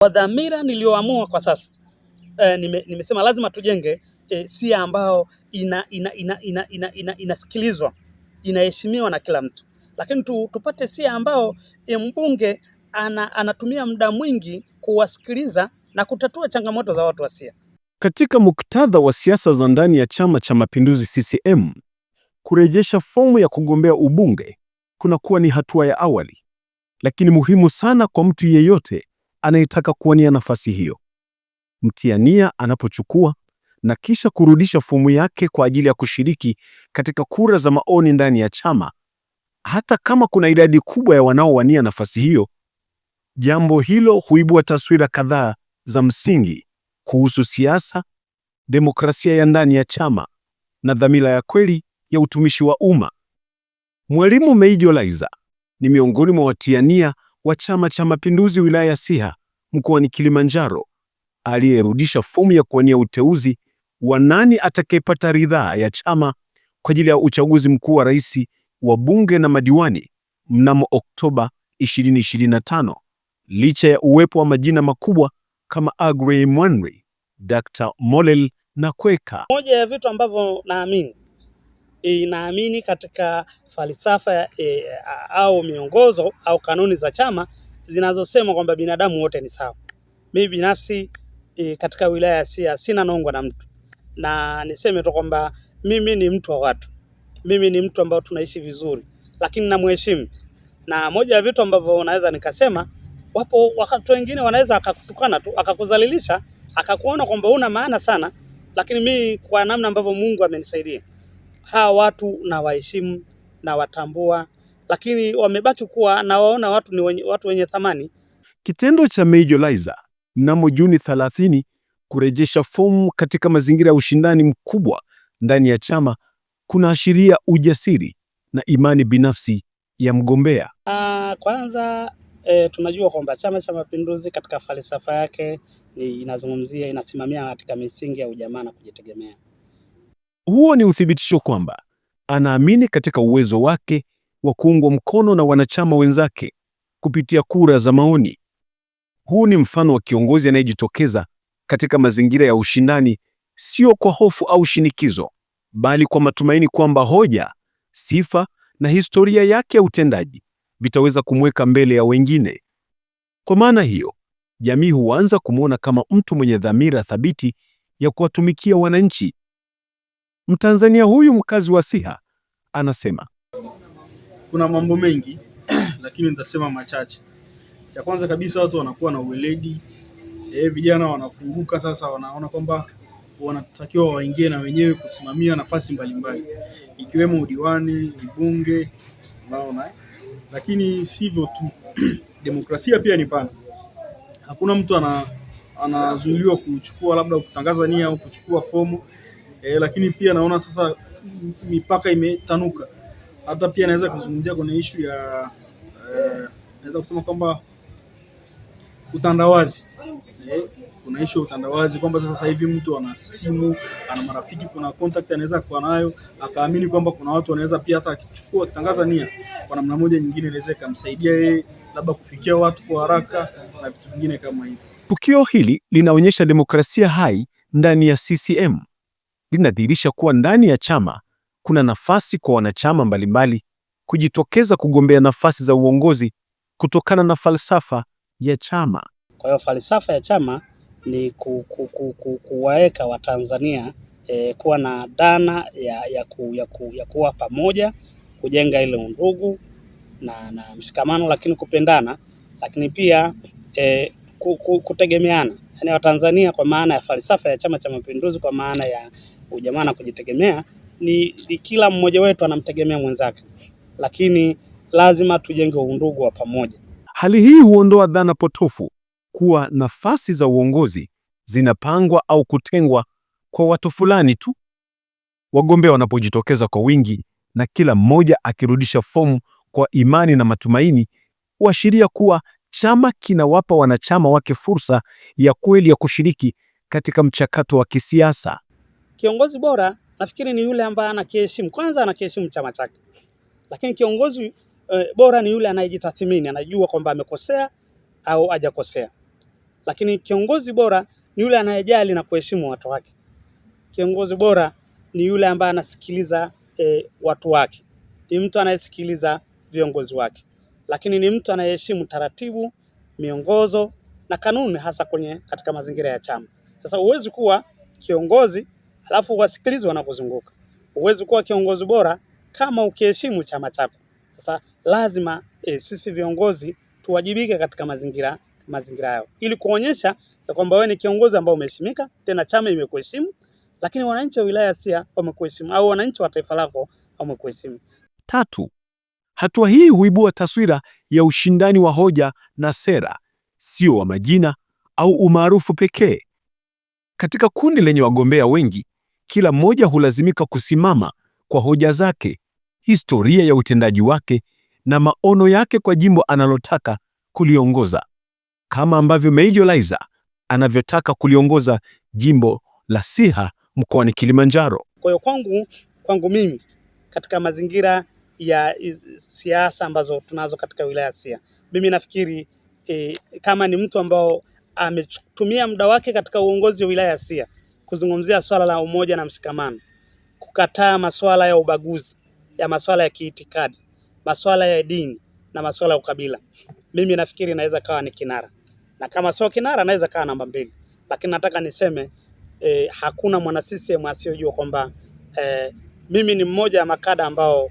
Kwa dhamira niliyoamua kwa sasa e, nime, nimesema lazima tujenge e, eh, siha ambayo inasikilizwa ina, ina, ina, ina, ina inaheshimiwa na kila mtu, lakini tu, tupate sia ambayo eh, mbunge ana, anatumia muda mwingi kuwasikiliza na kutatua changamoto za watu wa siha. Katika muktadha wa siasa za ndani ya Chama cha Mapinduzi CCM, kurejesha fomu ya kugombea ubunge kunakuwa ni hatua ya awali, lakini muhimu sana kwa mtu yeyote anayetaka kuwania nafasi hiyo. mtiania anapochukua na kisha kurudisha fomu yake kwa ajili ya kushiriki katika kura za maoni ndani ya chama, hata kama kuna idadi kubwa ya wanaowania nafasi hiyo, jambo hilo huibua taswira kadhaa za msingi kuhusu siasa, demokrasia ya ndani ya chama na dhamira ya kweli ya utumishi wa umma. Mwalimu Meijo Laizer ni miongoni mwa watiania wa Chama cha Mapinduzi wilaya ya Siha mkoani Kilimanjaro aliyerudisha fomu ya kuwania uteuzi wa nani atakayepata ridhaa ya chama kwa ajili ya uchaguzi mkuu wa rais, wa bunge na madiwani mnamo Oktoba 2025 licha ya uwepo wa majina makubwa kama Agrey Mwanri, Dr. Mollel na Kweka. Moja ya vitu ambavyo naamini Eh, inaamini katika falsafa e, au miongozo au kanuni za chama zinazosema kwamba binadamu wote ni sawa. Mimi binafsi e, katika wilaya ya Siha sina nongwa na mtu, na niseme tu kwamba mimi ni mtu wa watu, mimi ni mtu ambao tunaishi vizuri, lakini namheshimu. Na moja ya vitu ambavyo unaweza nikasema, wapo wakati wengine wanaweza akakutukana tu akakuzalilisha akakuona kwamba una maana sana, lakini mi kwa namna ambavyo Mungu amenisaidia hawa watu na waheshimu na watambua, lakini wamebaki kuwa nawaona watu ni wenye, watu wenye thamani. Kitendo cha Major Lizer mnamo Juni 30 kurejesha fomu katika mazingira ya ushindani mkubwa ndani ya chama kunaashiria ujasiri na imani binafsi ya mgombea. Aa, ah, kwanza e, tunajua kwamba Chama cha Mapinduzi katika falsafa yake ni inazungumzia, inasimamia katika misingi ya ujamaa na kujitegemea. Huo ni uthibitisho kwamba anaamini katika uwezo wake wa kuungwa mkono na wanachama wenzake kupitia kura za maoni. Huu ni mfano wa kiongozi anayejitokeza katika mazingira ya ushindani, sio kwa hofu au shinikizo, bali kwa matumaini kwamba hoja, sifa na historia yake ya utendaji vitaweza kumweka mbele ya wengine. Kwa maana hiyo, jamii huanza kumwona kama mtu mwenye dhamira thabiti ya kuwatumikia wananchi Mtanzania huyu mkazi wa Siha anasema kuna mambo mengi lakini nitasema machache. Cha kwanza kabisa, watu wanakuwa na uweledi e, vijana wanafunguka sasa, wanaona kwamba wanatakiwa waingie na wenyewe kusimamia nafasi mbalimbali ikiwemo udiwani, ubunge, unaona. Lakini sivyo tu demokrasia pia ni pana, hakuna mtu ana anazuiliwa kuchukua labda kutangaza nia au kuchukua fomu eh, lakini pia naona sasa mipaka imetanuka. Hata pia naweza kuzungumzia kwenye ishu ya eh, naweza kusema kwamba utandawazi eh, kuna ishu ya utandawazi kwamba sasa hivi mtu ana simu, ana marafiki, kuna contact anaweza kuwa nayo akaamini kwamba kuna watu wanaweza pia hata akichukua akitangaza nia kwa namna moja nyingine inaweza ikamsaidia yeye labda kufikia watu kwa haraka na vitu vingine kama hivyo. Tukio hili linaonyesha demokrasia hai ndani ya CCM linadhihirisha kuwa ndani ya chama kuna nafasi kwa wanachama mbalimbali kujitokeza kugombea nafasi za uongozi kutokana na falsafa ya chama. Kwa hiyo falsafa ya chama ni ku, ku, ku, ku, kuwaeka Watanzania eh, kuwa na dhana ya, ya, ku, ya, ku, ya kuwa pamoja, kujenga ile undugu na, na mshikamano, lakini kupendana, lakini pia eh, kutegemeana, yaani Watanzania kwa maana ya falsafa ya Chama cha Mapinduzi, kwa maana ya ujamaa na kujitegemea ni, ni kila mmoja wetu anamtegemea mwenzake, lakini lazima tujenge undugu wa pamoja. Hali hii huondoa dhana potofu kuwa nafasi za uongozi zinapangwa au kutengwa kwa watu fulani tu. Wagombea wanapojitokeza kwa wingi na kila mmoja akirudisha fomu kwa imani na matumaini, huashiria kuwa chama kinawapa wanachama wake fursa ya kweli ya kushiriki katika mchakato wa kisiasa. Kiongozi bora nafikiri ni yule ambaye anakiheshimu, kwanza anakiheshimu chama chake, lakini kiongozi e, bora ni yule anayejitathmini, anajua kwamba amekosea au hajakosea. Lakini kiongozi bora ni yule anayejali na kuheshimu watu wake. Kiongozi bora ni yule ambaye anasikiliza e, watu wake, ni mtu anayesikiliza viongozi wake, lakini ni mtu anayeheshimu taratibu, miongozo na kanuni, hasa kwenye katika mazingira ya chama. Sasa huwezi kuwa kiongozi alafu wasikilize wanavyozunguka. Huwezi kuwa kiongozi bora kama ukiheshimu chama chako. Sasa lazima e, sisi viongozi tuwajibike katika mazingira mazingira yao ili kuonyesha ya kwamba wewe ni kiongozi ambao umeheshimika, tena chama imekuheshimu, lakini wananchi wa wilaya Sia wamekuheshimu au wananchi wa taifa lako wamekuheshimu. Tatu, hatua hii huibua taswira ya ushindani wa hoja na sera, sio wa majina au umaarufu pekee. Katika kundi lenye wagombea wengi, kila mmoja hulazimika kusimama kwa hoja zake, historia ya utendaji wake na maono yake kwa jimbo analotaka kuliongoza, kama ambavyo Major Lizer anavyotaka kuliongoza jimbo la Siha mkoani Kilimanjaro. Kwa hiyo kwangu, kwangu mimi katika mazingira ya siasa ambazo tunazo katika wilaya ya Siha, mimi nafikiri e, kama ni mtu ambao ametumia muda wake katika uongozi wa wilaya ya Siha kuzungumzia swala la umoja na mshikamano, kukataa maswala ya ubaguzi, ya maswala ya kiitikadi, maswala ya dini na maswala ya ukabila. Mimi nafikiri naweza kawa ni kinara, na kama sio kinara naweza kawa namba mbili, lakini nataka niseme eh, hakuna mwana CCM asiyojua kwamba eh, mimi ni mmoja ya makada ambao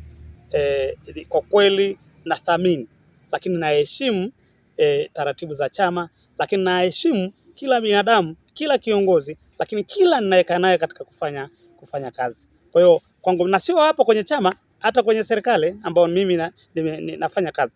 eh, kwa kweli nathamini, lakini naheshimu eh, taratibu za chama, lakini naheshimu kila binadamu, kila kiongozi, lakini kila ninayekaa naye katika kufanya, kufanya kazi. Kwa hiyo kwangu, na sio hapo kwenye chama, hata kwenye serikali ambayo mimi na, nime, nafanya kazi.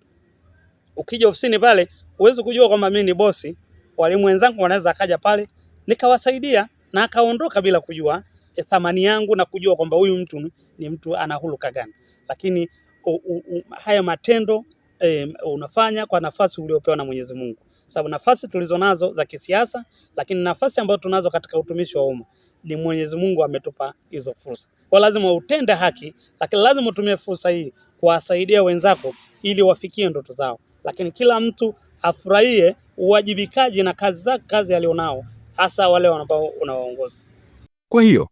Ukija ofisini pale huwezi kujua kwamba mimi ni bosi. Walimu wenzangu wanaweza akaja pale nikawasaidia na akaondoka bila kujua e, thamani yangu na kujua kwamba huyu mtu ni mtu anahuluka gani. Lakini u, u, u, haya matendo e, unafanya kwa nafasi uliopewa na Mwenyezi Mungu sababu nafasi tulizonazo za kisiasa, lakini nafasi ambazo tunazo katika utumishi wa umma ni Mwenyezi Mungu ametupa hizo fursa. Kwa lazima utende haki, lakini lazima utumie fursa hii kuwasaidia wenzako ili wafikie ndoto zao, lakini kila mtu afurahie uwajibikaji na kazi zake, kazi alionao, hasa wale ambao unawaongoza. Kwa hiyo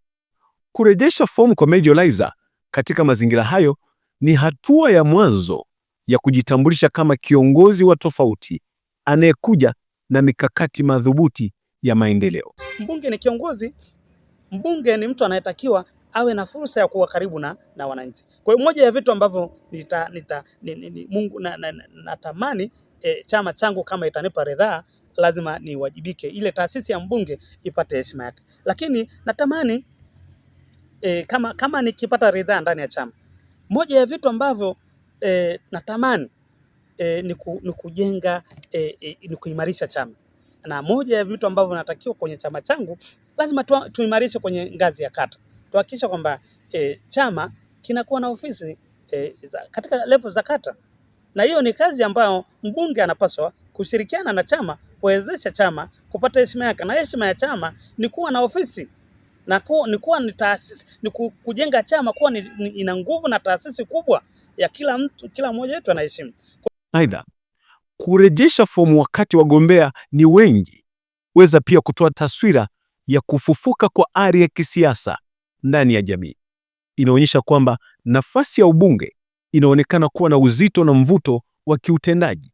kurejesha fomu kwa Major katika mazingira hayo ni hatua ya mwanzo ya kujitambulisha kama kiongozi wa tofauti anayekuja na mikakati madhubuti ya maendeleo. Mbunge ni kiongozi, mbunge ni mtu anayetakiwa awe na fursa ya kuwa karibu na, na wananchi. Kwa hiyo moja ya vitu ambavyo nita, nita, ni, ni, ni, Mungu natamani na, na, na e, chama changu kama itanipa ridhaa, lazima niwajibike, ile taasisi ya mbunge ipate heshima yake, lakini natamani e, kama, kama nikipata ridhaa ndani ya chama, moja ya vitu ambavyo e, natamani e, ni, ku, ni kujenga e, e, ni kuimarisha chama, na moja ya vitu ambavyo natakiwa kwenye chama changu lazima tu, tuimarishe kwenye ngazi ya kata, tuhakikisha kwamba e, chama kinakuwa na ofisi e, za, katika level za kata, na hiyo ni kazi ambayo mbunge anapaswa kushirikiana na chama kuwezesha chama kupata heshima yake, na heshima ya chama ni kuwa na ofisi na ku, ni kuwa ni taasisi ni kujenga chama kuwa ni, ni, ina nguvu na taasisi kubwa ya kila mtu, kila mmoja wetu anaheshimu. Aidha, kurejesha fomu wakati wagombea ni wengi weza pia kutoa taswira ya kufufuka kwa ari ya kisiasa ndani ya jamii. Inaonyesha kwamba nafasi ya ubunge inaonekana kuwa na uzito na mvuto wa kiutendaji.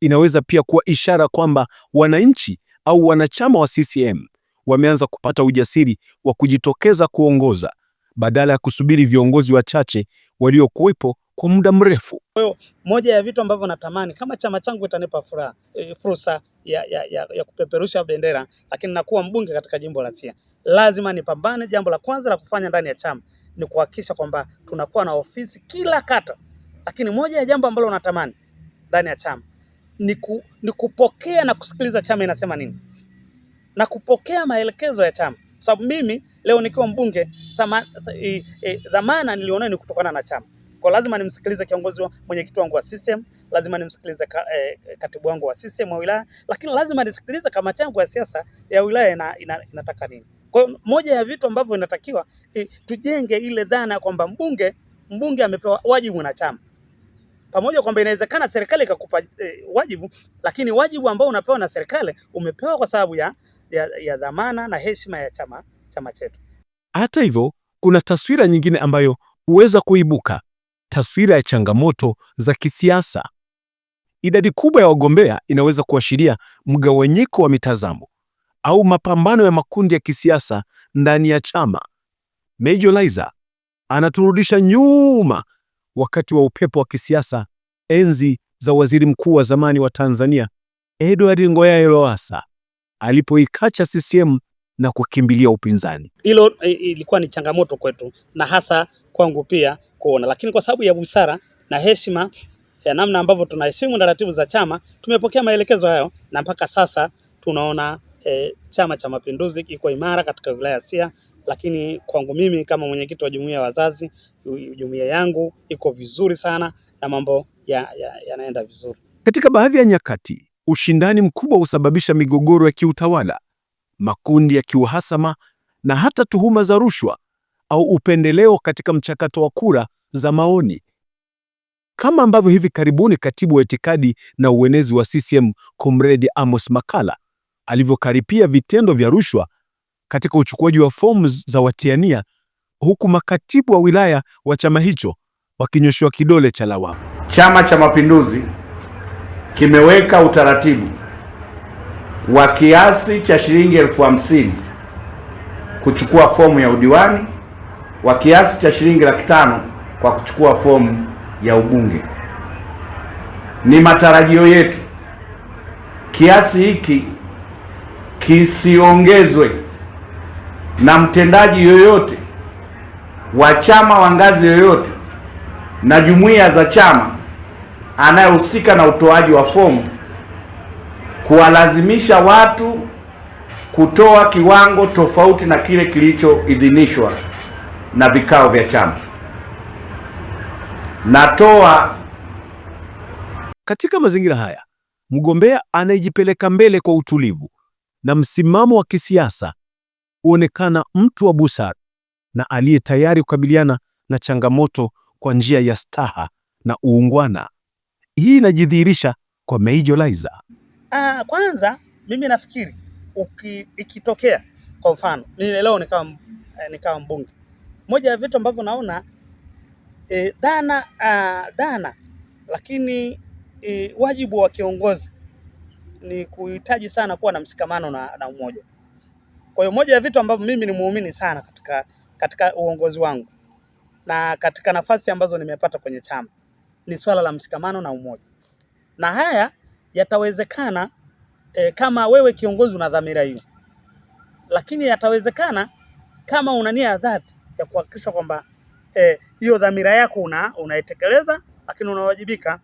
Inaweza pia kuwa ishara kwamba wananchi au wanachama wa CCM wameanza kupata ujasiri wa kujitokeza kuongoza badala ya kusubiri viongozi wachache waliokuwepo kwa muda mrefu. Kwa hiyo moja ya vitu ambavyo natamani kama chama changu itanipa furaha e, fursa ya, ya, ya, ya kupeperusha bendera, lakini nakuwa mbunge katika jimbo la Siha, lazima nipambane. Jambo la kwanza la kufanya ndani ya chama ni kuhakikisha kwamba tunakuwa na ofisi kila kata, lakini moja ya jambo ambalo natamani ndani ya chama ni, ku, ni kupokea na kusikiliza chama inasema nini na kupokea maelekezo ya chama, sababu mimi leo nikiwa mbunge e, e, nilionayo ni kutokana na chama. Kwa lazima nimsikilize kiongozi wa mwenyekiti wangu wa CCM, lazima nimsikilize ka, eh, katibu wangu wa CCM wa wilaya, lakini lazima nisikilize kamati yangu ya siasa ya wilaya ina, ina, inataka nini. Kwa moja ya vitu ambavyo inatakiwa eh, tujenge ile dhana kwamba mbunge mbunge amepewa wajibu na chama pamoja kwamba inawezekana serikali ikakupa eh, wajibu, lakini wajibu ambao unapewa na serikali umepewa kwa sababu ya, ya, ya dhamana na heshima ya chama chama chetu. Hata hivyo, kuna taswira nyingine ambayo huweza kuibuka taswira ya changamoto za kisiasa. Idadi kubwa ya wagombea inaweza kuashiria mgawanyiko wa mitazamo au mapambano ya makundi ya kisiasa ndani ya chama. Major Lizer anaturudisha nyuma wakati wa upepo wa kisiasa enzi za waziri mkuu wa zamani wa Tanzania Edward Ngoyaye Lowassa alipoikacha CCM na kukimbilia upinzani. Hilo eh, ilikuwa ni changamoto kwetu na hasa kwangu pia, kuona, lakini kwa sababu ya busara na heshima ya namna ambavyo tunaheshimu taratibu za chama, tumepokea maelekezo hayo na mpaka sasa tunaona e, Chama cha Mapinduzi iko imara katika wilaya ya Siha, lakini kwangu mimi kama mwenyekiti wa jumuiya ya wazazi, jumuiya yangu iko vizuri sana na mambo yanaenda ya, ya vizuri. Katika baadhi ya nyakati ushindani mkubwa husababisha migogoro ya kiutawala, makundi ya kiuhasama na hata tuhuma za rushwa au upendeleo katika mchakato wa kura za maoni, kama ambavyo hivi karibuni katibu wa itikadi na uenezi wa CCM Comrade Amos makala alivyokaripia vitendo vya rushwa katika uchukuaji wa fomu za watiania, huku makatibu wa wilaya wa chama hicho wakinyoshewa kidole cha lawama. Chama cha Mapinduzi kimeweka utaratibu wa kiasi cha shilingi elfu hamsini kuchukua fomu ya udiwani wa kiasi cha shilingi laki tano kwa kuchukua fomu ya ubunge. Ni matarajio yetu kiasi hiki kisiongezwe na mtendaji yoyote wa chama wa ngazi yoyote na jumuiya za chama anayehusika na utoaji wa fomu kuwalazimisha watu kutoa kiwango tofauti na kile kilichoidhinishwa na vikao vya chama. Natoa katika mazingira haya, mgombea anayejipeleka mbele kwa utulivu na msimamo wa kisiasa huonekana mtu wa busara na aliye tayari kukabiliana na changamoto kwa njia ya staha na uungwana. Hii inajidhihirisha kwa Meijo Laiza. Ah, kwanza mimi nafikiri uki, ikitokea kwa mfano mimi leo nikawa eh, nikawa mbunge moja ya vitu ambavyo naona e, dhana a, dhana lakini e, wajibu wa kiongozi ni kuhitaji sana kuwa na mshikamano na, na umoja. Kwa hiyo moja ya vitu ambavyo mimi ni muumini sana katika, katika uongozi wangu na katika nafasi ambazo nimepata kwenye chama ni swala la mshikamano na umoja, na haya yatawezekana e, kama wewe kiongozi una dhamira hiyo, lakini yatawezekana kama una nia ya dhati ya kuhakikisha kwamba e, hiyo eh, dhamira yako una unaitekeleza, lakini unawajibika.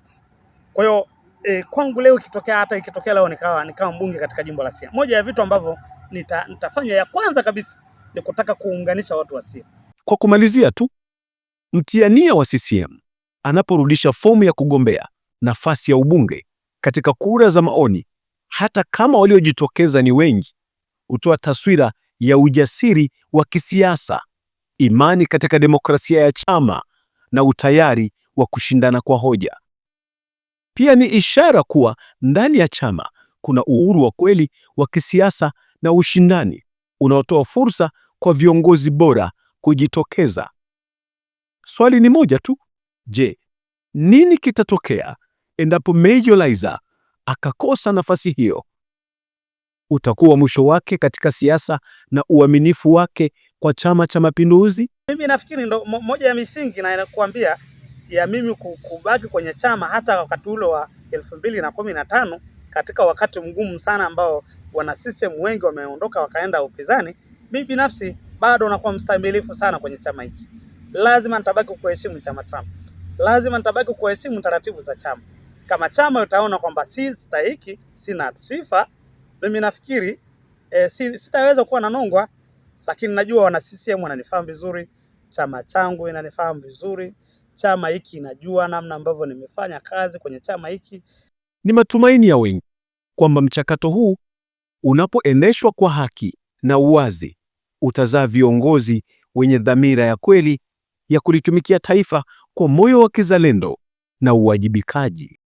Kwa hiyo eh, kwangu leo ikitokea hata ikitokea leo nikawa nikawa mbunge katika jimbo la Siha, moja ya vitu ambavyo nita, nitafanya ya kwanza kabisa ni kutaka kuunganisha watu wa Siha. Kwa kumalizia tu, mtiania wa CCM anaporudisha fomu ya kugombea nafasi ya ubunge katika kura za maoni, hata kama waliojitokeza ni wengi, hutoa taswira ya ujasiri wa kisiasa imani katika demokrasia ya chama na utayari wa kushindana kwa hoja. Pia ni ishara kuwa ndani ya chama kuna uhuru wa kweli wa kisiasa na ushindani unaotoa fursa kwa viongozi bora kujitokeza. Swali ni moja tu. Je, nini kitatokea endapo Major Laizer akakosa nafasi hiyo? Utakuwa mwisho wake katika siasa na uaminifu wake kwa Chama cha Mapinduzi? Mimi nafikiri ndo moja ya misingi na nakuambia ya mimi kubaki kwenye chama hata wakati ule wa elfu mbili na kumi na tano katika wakati mgumu sana ambao wana CCM wengi wameondoka wakaenda upinzani, mimi binafsi bado nakuwa mstamilifu sana kwenye chama hiki. Lazima nitabaki kuheshimu chama changu, lazima nitabaki kuheshimu taratibu za chama. Kama chama utaona kwamba si stahiki, sina sifa, mimi nafikiri e, si, sitaweza kuwa nanongwa lakini najua wana CCM wananifahamu vizuri, chama changu inanifahamu vizuri, chama hiki inajua namna ambavyo nimefanya kazi kwenye chama hiki. Ni matumaini ya wengi kwamba mchakato huu unapoendeshwa kwa haki na uwazi utazaa viongozi wenye dhamira ya kweli ya kulitumikia taifa kwa moyo wa kizalendo na uwajibikaji.